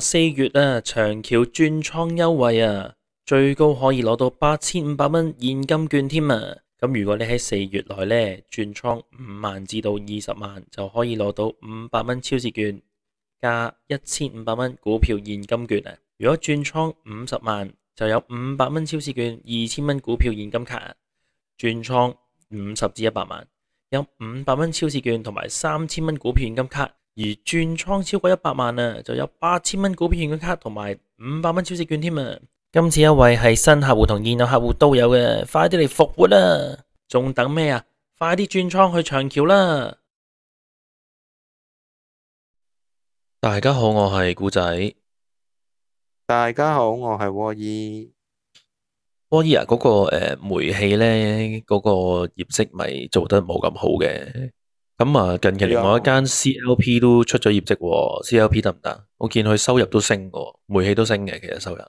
四月啊，長橋轉倉優惠啊，最高可以攞到八千五百蚊現金券添啊！咁如果你喺四月內呢轉倉五萬至到二十萬，就可以攞到五百蚊超市券加一千五百蚊股票現金券啊！如果轉倉五十萬，就有五百蚊超市券、二千蚊股票現金卡啊！轉倉五十至一百萬，有五百蚊超市券同埋三千蚊股票現金卡。而轉倉超過一百萬啊，就有八千蚊股票現金卡同埋五百蚊超市券添啊！今次一位係新客戶同現有客戶都有嘅，快啲嚟復活啦！仲等咩啊？快啲轉倉去長橋啦！大家好，我係古仔。大家好，我係波爾。波爾啊，嗰個誒煤氣呢，嗰個業績咪做得冇咁好嘅。咁啊，近期另外一間 CLP 都出咗業績，CLP 得唔得？我見佢收入都升嘅，煤氣都升嘅，其實收入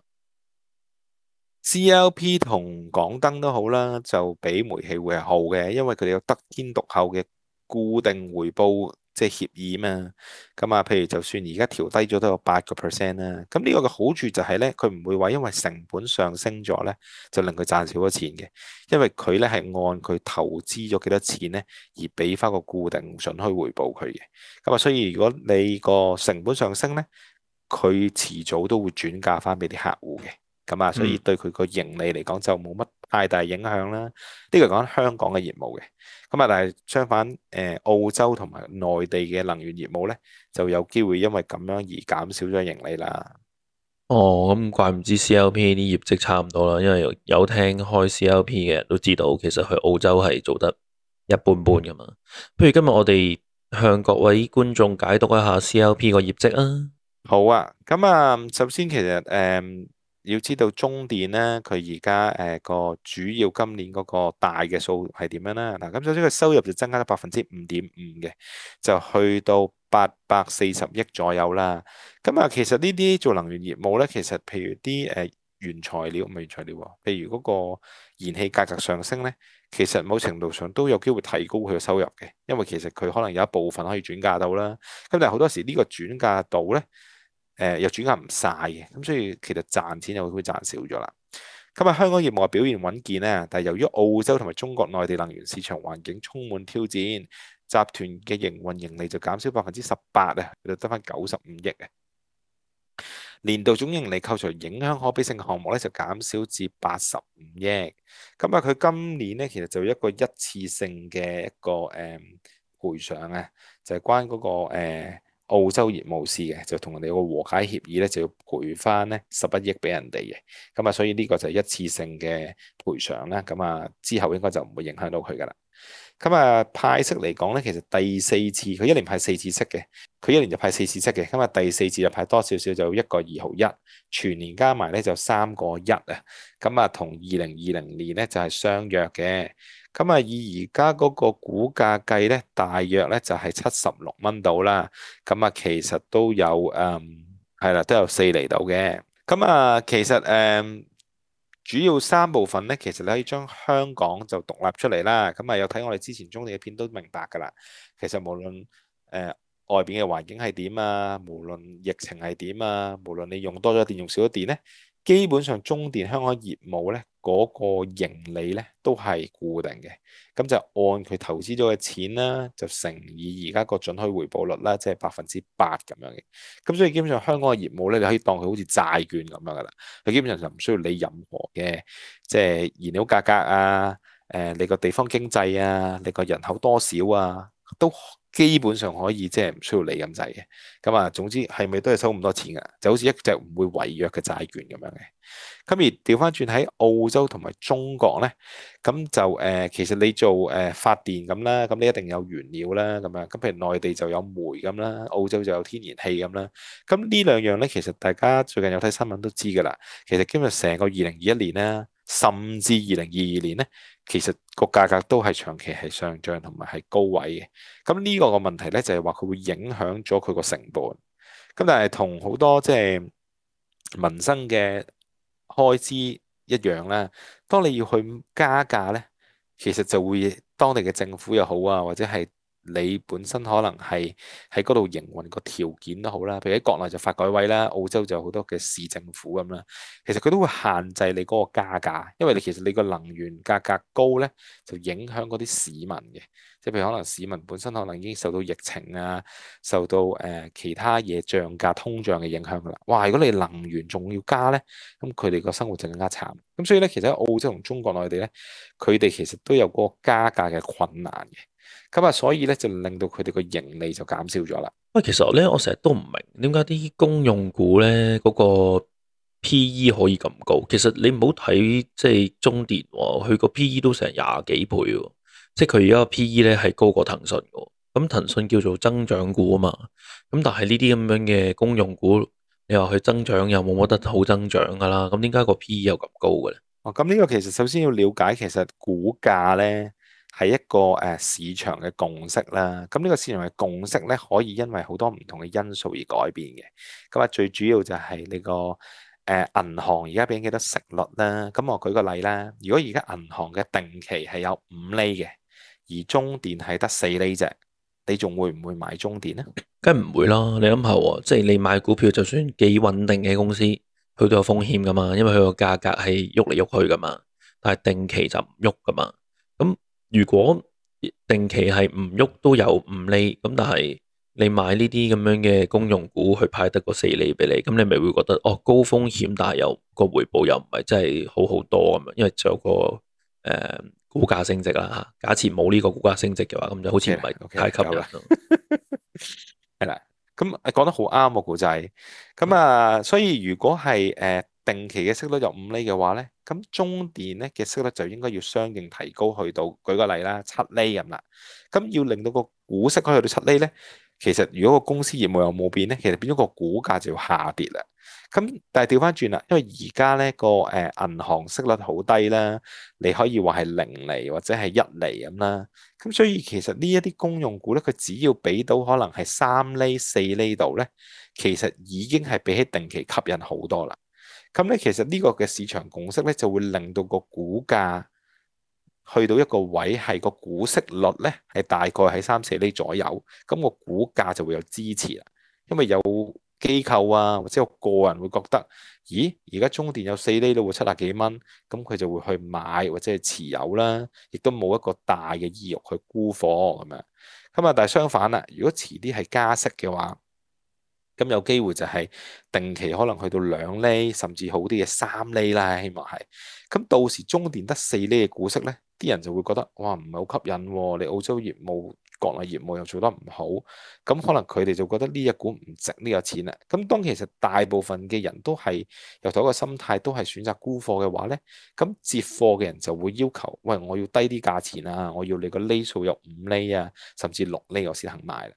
CLP 同港燈都好啦，就比煤氣會係好嘅，因為佢哋有得天獨厚嘅固定回報。即係協議嘛，咁啊，譬如就算而家調低咗都有八個 percent 啦。咁呢個嘅好處就係咧，佢唔會話因為成本上升咗咧，就令佢賺少咗錢嘅，因為佢咧係按佢投資咗幾多錢咧而俾翻個固定準許回報佢嘅。咁啊，所以如果你個成本上升咧，佢遲早都會轉嫁翻俾啲客戶嘅。咁啊，所以對佢個盈利嚟講就冇乜太大影響啦。呢個講香港嘅業務嘅，咁啊，但係相反，誒澳洲同埋內地嘅能源業務咧，就有機會因為咁樣而減少咗盈利啦。哦，咁怪唔知 CLP 啲業績差唔多啦，因為有聽開 CLP 嘅都知道，其實去澳洲係做得一般般噶嘛。不如今日我哋向各位觀眾解讀一下 CLP 個業績啊。好啊，咁啊，首先其實誒。要知道中電咧，佢而家誒個主要今年嗰個大嘅數係點樣啦？嗱，咁首先佢收入就增加咗百分之五點五嘅，就去到八百四十億左右啦。咁啊，其實呢啲做能源業務咧，其實譬如啲誒原材料，唔係原材料，譬如嗰個燃氣價格上升咧，其實某程度上都有機會提高佢嘅收入嘅，因為其實佢可能有一部分可以轉嫁到啦。咁但係好多時呢個轉嫁度咧～誒、呃、又轉嫁唔晒嘅，咁所以其實賺錢就會賺少咗啦。今日香港業務表現穩健咧，但係由於澳洲同埋中國內地能源市場環境充滿挑戰，集團嘅營運盈利就減少百分之十八啊，就得返九十五億啊。年度總盈利扣除影響可比性項目咧，就減少至八十五億。今日佢今年咧，其實就一個一次性嘅一個誒賠償啊，就係、是、關嗰、那個、呃澳洲業務事嘅就同人哋個和解協議咧，就要賠返咧十一億俾人哋嘅，咁啊，所以呢個就係一次性嘅賠償啦，咁啊，之後應該就唔會影響到佢噶啦。咁啊派息嚟講咧，其實第四次，佢一年派四次息嘅，佢一年就派四次息嘅。咁啊第四次就派多少少，就一個二毫一，全年加埋咧就三個一啊。咁啊同二零二零年咧就係相約嘅。咁啊以而家嗰個股價計咧，大約咧就係七十六蚊到啦。咁啊其實都有誒係啦，都有四厘到嘅。咁啊其實誒。嗯主要三部分咧，其實你可以將香港就獨立出嚟啦。咁啊，有睇我哋之前中電嘅片都明白㗎啦。其實無論誒、呃、外邊嘅環境係點啊，無論疫情係點啊，無論你用多咗電用少咗電咧。基本上中電香港業務咧，嗰個盈利咧都係固定嘅，咁就按佢投資咗嘅錢啦，就乘以而家個準許回報率啦，即係百分之八咁樣嘅。咁所以基本上香港嘅業務咧，你可以當佢好似債券咁樣噶啦，佢基本上就唔需要理任何嘅即係燃料價格啊，誒，你個地方經濟啊，你個人口多少啊都。基本上可以即係唔需要理咁滯嘅，咁啊，總之係咪都係收咁多錢啊？就好似一隻唔會違約嘅債券咁樣嘅。咁而調翻轉喺澳洲同埋中國咧，咁就誒、呃，其實你做誒、呃、發電咁啦，咁你一定有原料啦，咁樣。咁譬如內地就有煤咁啦，澳洲就有天然氣咁啦。咁呢兩樣咧，其實大家最近有睇新聞都知㗎啦。其實今日成個二零二一年咧，甚至二零二二年咧。其實個價格都係長期係上漲，同埋係高位嘅。咁呢個個問題咧，就係話佢會影響咗佢個成本。咁但係同好多即係民生嘅開支一樣啦。當你要去加價咧，其實就會當地嘅政府又好啊，或者係。你本身可能係喺嗰度營運個條件都好啦，譬如喺國內就發改委啦，澳洲就好多嘅市政府咁啦，其實佢都會限制你嗰個加價，因為你其實你個能源價格高咧，就影響嗰啲市民嘅。即係譬如可能市民本身可能已經受到疫情啊、受到誒、呃、其他嘢漲價通脹嘅影響㗎啦。哇！如果你能源仲要加咧，咁佢哋個生活就更加慘。咁所以咧，其實喺澳洲同中國內地咧，佢哋其實都有嗰個加價嘅困難嘅。咁啊，所以咧就令到佢哋個盈利就減少咗啦。喂，其實咧我成日都唔明點解啲公用股咧嗰、那個 P E 可以咁高。其實你唔好睇即係中電、哦，佢個 P E 都成廿幾倍喎。即係佢而家個 P/E 咧係高過騰訊嘅，咁騰訊叫做增長股啊嘛，咁但係呢啲咁樣嘅公用股，你話佢增長又冇乜得好增長噶啦，咁點解個 P/E 又咁高嘅咧？哦，咁呢個其實首先要了解，其實股價咧係一個誒、啊、市場嘅共識啦。咁呢個市場嘅共識咧可以因為好多唔同嘅因素而改變嘅。咁啊，最主要就係、那個啊、呢個誒銀行而家俾幾多息率啦。咁我舉個例啦，如果而家銀行嘅定期係有五厘嘅。而中電係得四厘啫，你仲會唔會買中電咧？梗係唔會囉！你諗下喎，即係你買股票，就算幾穩定嘅公司，佢都有風險噶嘛，因為佢個價格係喐嚟喐去噶嘛。但係定期就唔喐噶嘛。咁如果定期係唔喐都有唔利，咁但係你買呢啲咁樣嘅公用股，去派得個四厘俾你，咁你咪會覺得哦，高風險，但係又個回報又唔係真係好好多咁樣，因為就有個誒。呃股價升值啦吓，假設冇呢個股價升值嘅話，咁就好似唔係太吸引。係啦、okay，咁、okay、講、 嗯、得好啱啊，古仔。咁、嗯、啊，所以如果係誒、呃、定期嘅息率有五厘嘅話咧，咁中電咧嘅息率就應該要相應提高去到，舉個例啦，七厘咁啦。咁要令到個股息可以去到七厘咧。其實如果個公司業務有冇變咧，其實變咗個股價就要下跌啦。咁但係調翻轉啦，因為而家咧個誒銀行息率好低啦，你可以話係零厘或者係一厘咁啦。咁所以其實呢一啲公用股咧，佢只要俾到可能係三厘四厘度咧，其實已經係比起定期吸引好多啦。咁咧其實呢個嘅市場共識咧，就會令到個股價。去到一個位係個股息率咧，係大概喺三四厘左右，咁、那個股價就會有支持啦。因為有機構啊，或者我個人會覺得，咦，而家中電有四厘都會七啊幾蚊，咁佢就會去買或者係持有啦，亦都冇一個大嘅意欲去沽貨咁樣。咁啊，但係相反啦，如果遲啲係加息嘅話，咁有機會就係定期可能去到兩厘，甚至好啲嘅三厘啦，希望係。咁到時中電得四厘嘅股息咧，啲人就會覺得，哇，唔係好吸引喎！你澳洲業務、國內業務又做得唔好，咁可能佢哋就覺得呢一股唔值呢個錢咧。咁當其實大部分嘅人都係由同一個心態，都係選擇沽貨嘅話咧，咁接貨嘅人就會要求，喂，我要低啲價錢啊，我要你個厘數有五厘啊，甚至六厘我先肯買啦。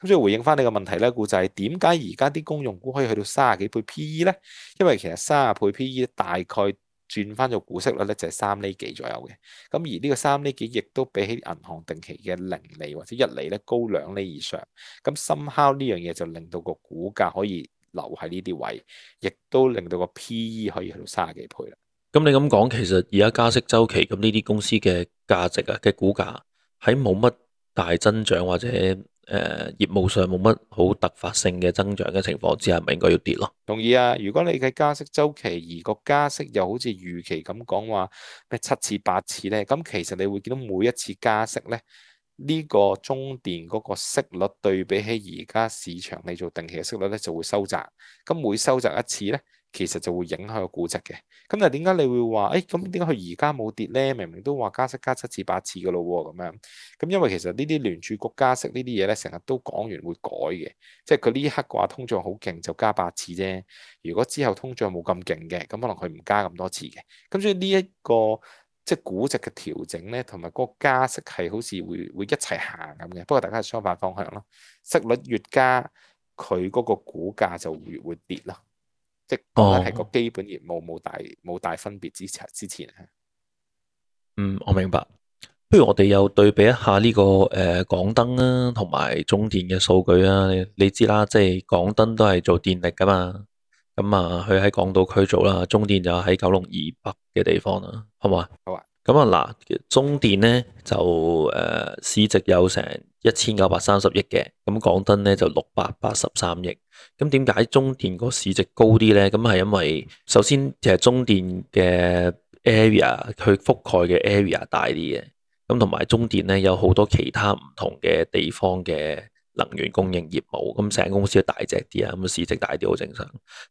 咁所以回應翻你個問題咧，就係點解而家啲公用股可以去到三十幾倍 PE 咧？因為其實三十倍 PE 大概。轉翻做股息率咧就係、是、三厘幾左右嘅，咁而呢個三厘幾亦都比起銀行定期嘅零厘或者一厘咧高兩厘以上，咁 somehow 呢樣嘢就令到個股價可以留喺呢啲位，亦都令到個 P/E 可以去到三十幾倍啦。咁你咁講，其實而家加息週期，咁呢啲公司嘅價值啊嘅股價喺冇乜大增長或者。誒、呃，業務上冇乜好突發性嘅增長嘅情況之下，咪應該要跌咯。同意啊，如果你嘅加息周期，而個加息又好似預期咁講話咩七次八次咧，咁其實你會見到每一次加息咧，呢、這個中電嗰個息率對比起而家市場你做定期嘅息率咧就會收窄，咁每收窄一次咧。其實就會影響個估值嘅。咁但係點解你會話？誒咁點解佢而家冇跌咧？明明都話加息加七至八次嘅咯喎，咁樣。咁因為其實呢啲聯儲局加息呢啲嘢咧，成日都講完會改嘅。即係佢呢一刻話通脹好勁就加八次啫。如果之後通脹冇咁勁嘅，咁可能佢唔加咁多次嘅。咁所以呢、這、一個即係估值嘅調整咧，同埋嗰個加息係好似會會一齊行咁嘅。不過大家係相反方向咯。息率越加，佢嗰個股價就越會跌啦。即係，係個基本業務冇大冇大分別之、之前。嗯，我明白。不如我哋又對比一下呢、呢個誒港、呃、燈啊，同埋中電嘅數據啊。你，你知啦，即係港燈都係做電力㗎嘛。咁、嗯、啊，佢喺港島區做啦，中電就喺九龍以北嘅地方啦，好唔好啊？咁啊嗱，中電咧就誒、呃，市值有成一千九百三十億嘅，咁港燈咧就六百八十三億。咁點解中電個市值高啲咧？咁係因為首先其實中電嘅 area 佢覆蓋嘅 area 大啲嘅，咁同埋中電咧有好多其他唔同嘅地方嘅。能源供應業務，咁成間公司要大隻啲啊，咁市值大啲好正常。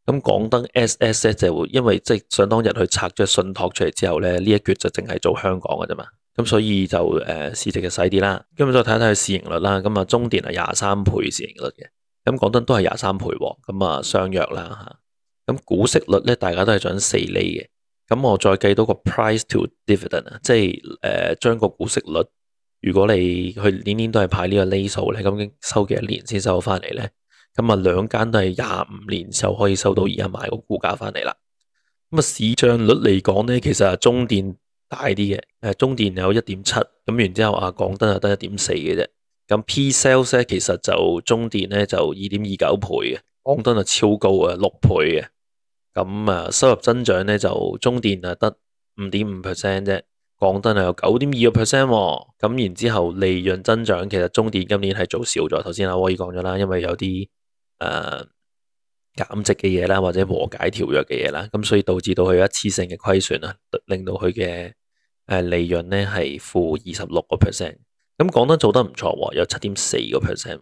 咁港燈 SS 咧就會，因為即係想當日去拆咗信託出嚟之後咧，呢一橛就淨係做香港嘅啫嘛。咁所以就誒、呃、市值就細啲啦。咁再睇一睇市盈率啦，咁啊中電係廿三倍市盈率嘅，咁港燈都係廿三倍喎。咁啊相約啦嚇。咁股息率咧大家都係做四厘嘅。咁我再計到個 price to dividend 啊、就是，即係誒將個股息率。如果你佢年年都係派呢個 lay 數咧，咁收幾多年先收得翻嚟咧？咁啊，兩間都係廿五年就可以收到而家買個股價翻嚟啦。咁啊，市賬率嚟講咧，其實啊，中電大啲嘅，誒，中電有一點七，咁然之後啊，港燈啊得一點四嘅啫。咁 P sales 咧，其實就中電咧就二點二九倍嘅，港燈啊超高啊，六倍嘅。咁啊，收入增長咧就中電啊得五點五 percent 啫。港燈係有九點二個 percent，咁然之後利潤增長，其實中電今年係做少咗。頭先阿威講咗啦，因為有啲誒、呃、減值嘅嘢啦，或者和解條約嘅嘢啦，咁所以導致到佢有一次性嘅虧損啊，令到佢嘅誒利潤咧係負二十六個 percent。咁港燈做得唔錯，有七點四個 percent。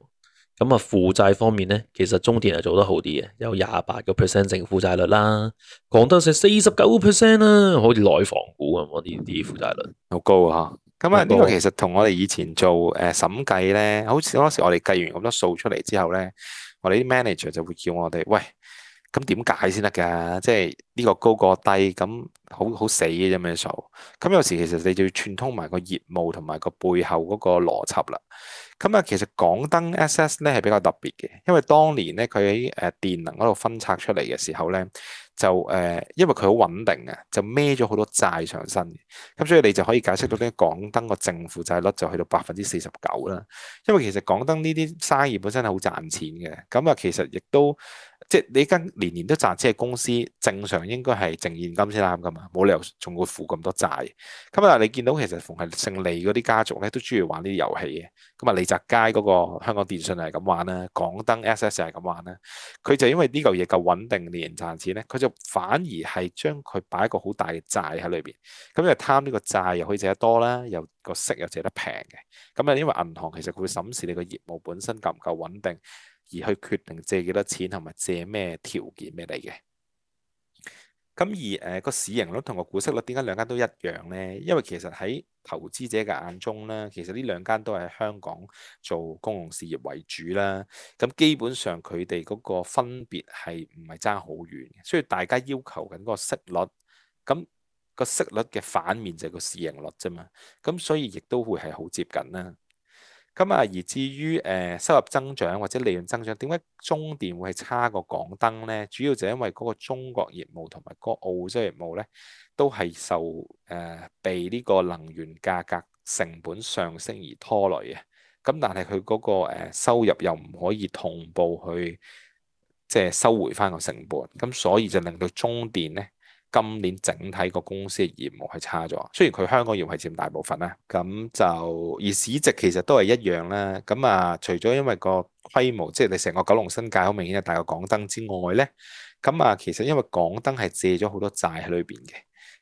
咁啊負債方面咧，其實中電係做得好啲嘅，有廿八個 percent 淨負債率啦，港燈成四十九 percent 啦，好似內房股咁啲啲負債率，好高啊！咁啊呢個其實同我哋以前做誒審計咧，好似嗰時我哋計完咁多數出嚟之後咧，我哋啲 manager 就會叫我哋喂，咁點解先得噶？即係呢個高過低，咁好好死嘅咁樣數。咁有時其實你就要串通埋個業務同埋個背後嗰個邏輯啦。咁啊，其實港燈 SS 咧係比較特別嘅，因為當年咧佢喺誒電能嗰度分拆出嚟嘅時候咧，就誒因為佢好穩定啊，就孭咗好多債上身。咁所以你就可以解釋到咧，港燈個正負債率就去到百分之四十九啦。因為其實港燈呢啲生意本身係好賺錢嘅，咁啊其實亦都。即係你間年年都賺錢嘅公司，正常應該係淨現金先啱㗎嘛，冇理由仲會負咁多債。咁啊，你見到其實逢係姓李嗰啲家族咧，都中意玩呢啲遊戲嘅。咁啊，李澤楷嗰個香港電訊係咁玩啦，港燈 SS 係咁玩啦。佢就因為呢嚿嘢夠穩定年賺，年年賺錢咧，佢就反而係將佢擺一個好大嘅債喺裏邊。咁又貪呢個債又可以借得多啦，又個息又借得平嘅。咁啊，因為銀行其實會審視你個業務本身夠唔夠穩定。而去決定借幾多錢同埋借咩條件咩嚟嘅。咁而誒個、呃、市盈率同個股息率點解兩間都一樣呢？因為其實喺投資者嘅眼中咧，其實呢兩間都係香港做公共事業為主啦。咁基本上佢哋嗰個分別係唔係爭好遠，所以大家要求緊個息率，咁個息率嘅反面就係個市盈率啫嘛。咁所以亦都會係好接近啦。咁啊，而至於誒收入增長或者利潤增長，點解中電會係差過港燈咧？主要就因為嗰個中國業務同埋嗰個澳洲業務咧，都係受誒被呢個能源價格成本上升而拖累嘅。咁但係佢嗰個誒收入又唔可以同步去即係收回翻個成本，咁所以就令到中電咧。今年整體個公司嘅業務係差咗，雖然佢香港業務係佔大部分啦，咁就而市值其實都係一樣啦。咁啊，除咗因為個規模，即係你成個九龍新界好明顯係大過港燈之外咧，咁啊，其實因為港燈係借咗好多債喺裏邊嘅，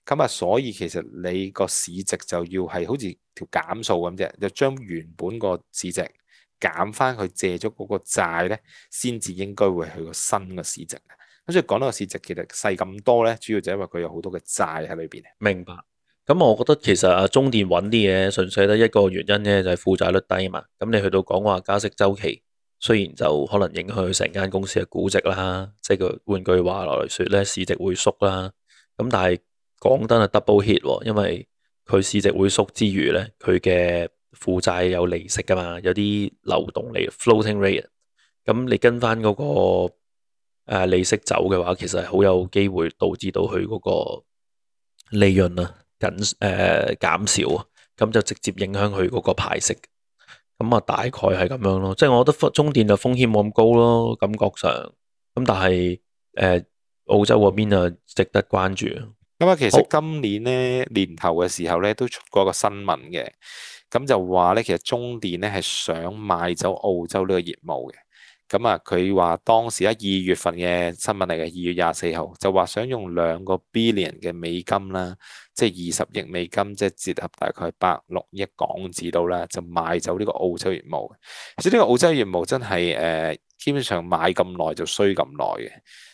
咁啊，所以其實你個市值就要係好似條減數咁啫，就將原本個市值減返去借咗嗰個債咧，先至應該會去個新嘅市值。咁所以講到個市值其實細咁多咧，主要就因為佢有好多嘅債喺裏邊。明白。咁我覺得其實阿中電穩啲嘢，純粹得一個原因咧，就係負債率低啊嘛。咁你去到講話加息週期，雖然就可能影響成間公司嘅估值啦，即係佢換句話落嚟說咧，市值會縮啦。咁但係講得係 double hit 喎，哦，因為佢市值會縮之餘咧，佢嘅負債有利息噶嘛，有啲流動嚟 floating rate。咁你跟翻嗰、那個。誒利息走嘅話，其實係好有機會導致到佢嗰個利潤啊減誒、呃、減少啊，咁就直接影響佢嗰個派息。咁啊，大概係咁樣咯。即、就、係、係、我覺得中電就風險冇咁高咯，感覺上。咁但係誒、呃、澳洲嗰邊啊值得關注。咁啊，其實今年咧好年頭嘅時候咧都出過個新聞嘅，咁就話咧其實中電咧係想賣走澳洲呢個業務嘅。咁啊，佢話當時喺二月份嘅新聞嚟嘅，二月廿四號就話想用兩個 billion 嘅美金啦，即係二十億美金，即係折合大概百六億港紙到啦，就賣走呢個澳洲業務。其實呢個澳洲業務真係誒、呃，基本上買咁耐就衰咁耐嘅，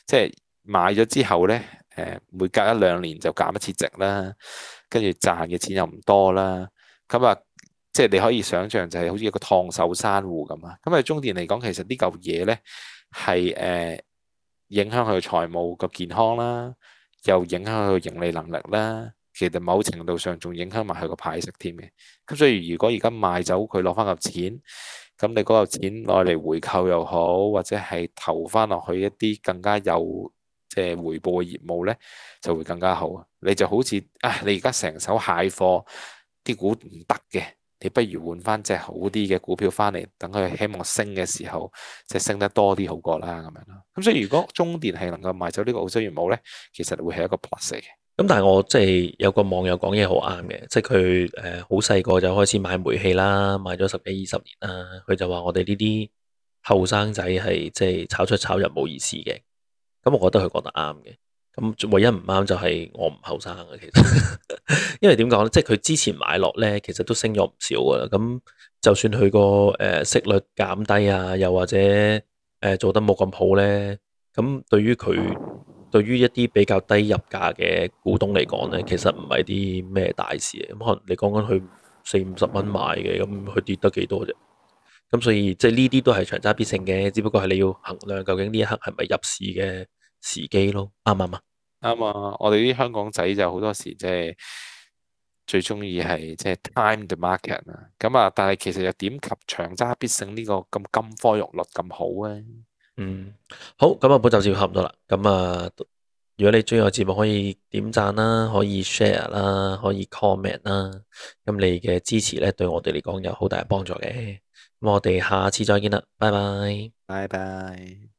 即係買咗之後咧，誒、呃、每隔一兩年就減一次值啦，跟住賺嘅錢又唔多啦。咁啊～即係你可以想象，就係好似一個燙手山芋咁啊！咁啊，中電嚟講，其實呢嚿嘢咧係誒影響佢嘅財務個健康啦，又影響佢嘅盈利能力啦。其實某程度上仲影響埋佢個派息添嘅。咁所以如果而家賣走佢攞翻嚿錢，咁你嗰嚿錢攞嚟回購又好，或者係投翻落去一啲更加有即係回報嘅業務咧，就會更加好。你就好似啊，你而家成手蟹貨啲股唔得嘅。你不如換翻隻好啲嘅股票翻嚟，等佢希望升嘅時候，即係升得多啲好過啦咁樣啦。咁所以如果中電係能夠賣走呢個澳洲元冇咧，其實會係一個 plus 嘅。咁、嗯、但係我即係、即係、有個網友講嘢好啱嘅，即係佢誒好細個就開始買煤氣啦，買咗十幾二十年啦。佢就話我哋呢啲後生仔係即係炒出炒入冇意思嘅。咁我覺得佢講得啱嘅。唯一唔啱就係我唔後生啊！其實， 因為點講咧，即係佢之前買落咧，其實都升咗唔少噶啦。咁就算佢個誒息率減低啊，又或者誒、呃、做得冇咁好咧，咁對於佢對於一啲比較低入價嘅股東嚟講咧，其實唔係啲咩大事。咁可能你講緊佢四五十蚊買嘅，咁佢跌得幾多啫？咁所以即係呢啲都係長揸必勝嘅，只不過係你要衡量究竟呢一刻係咪入市嘅時機咯，啱唔啱？啱啊！我哋啲香港仔就好多時即係最中意係即係 time the market 啊。咁啊，但係其實又點及長揸必勝呢個咁金科玉律咁好咧？嗯，好。咁啊，本集節目差唔多啦。咁啊，如果你中意我節目，可以點讚啦，可以 share 啦，可以 comment 啦。咁你嘅支持咧，對我哋嚟講有好大幫助嘅。咁我哋下次再見啦，拜拜，拜拜。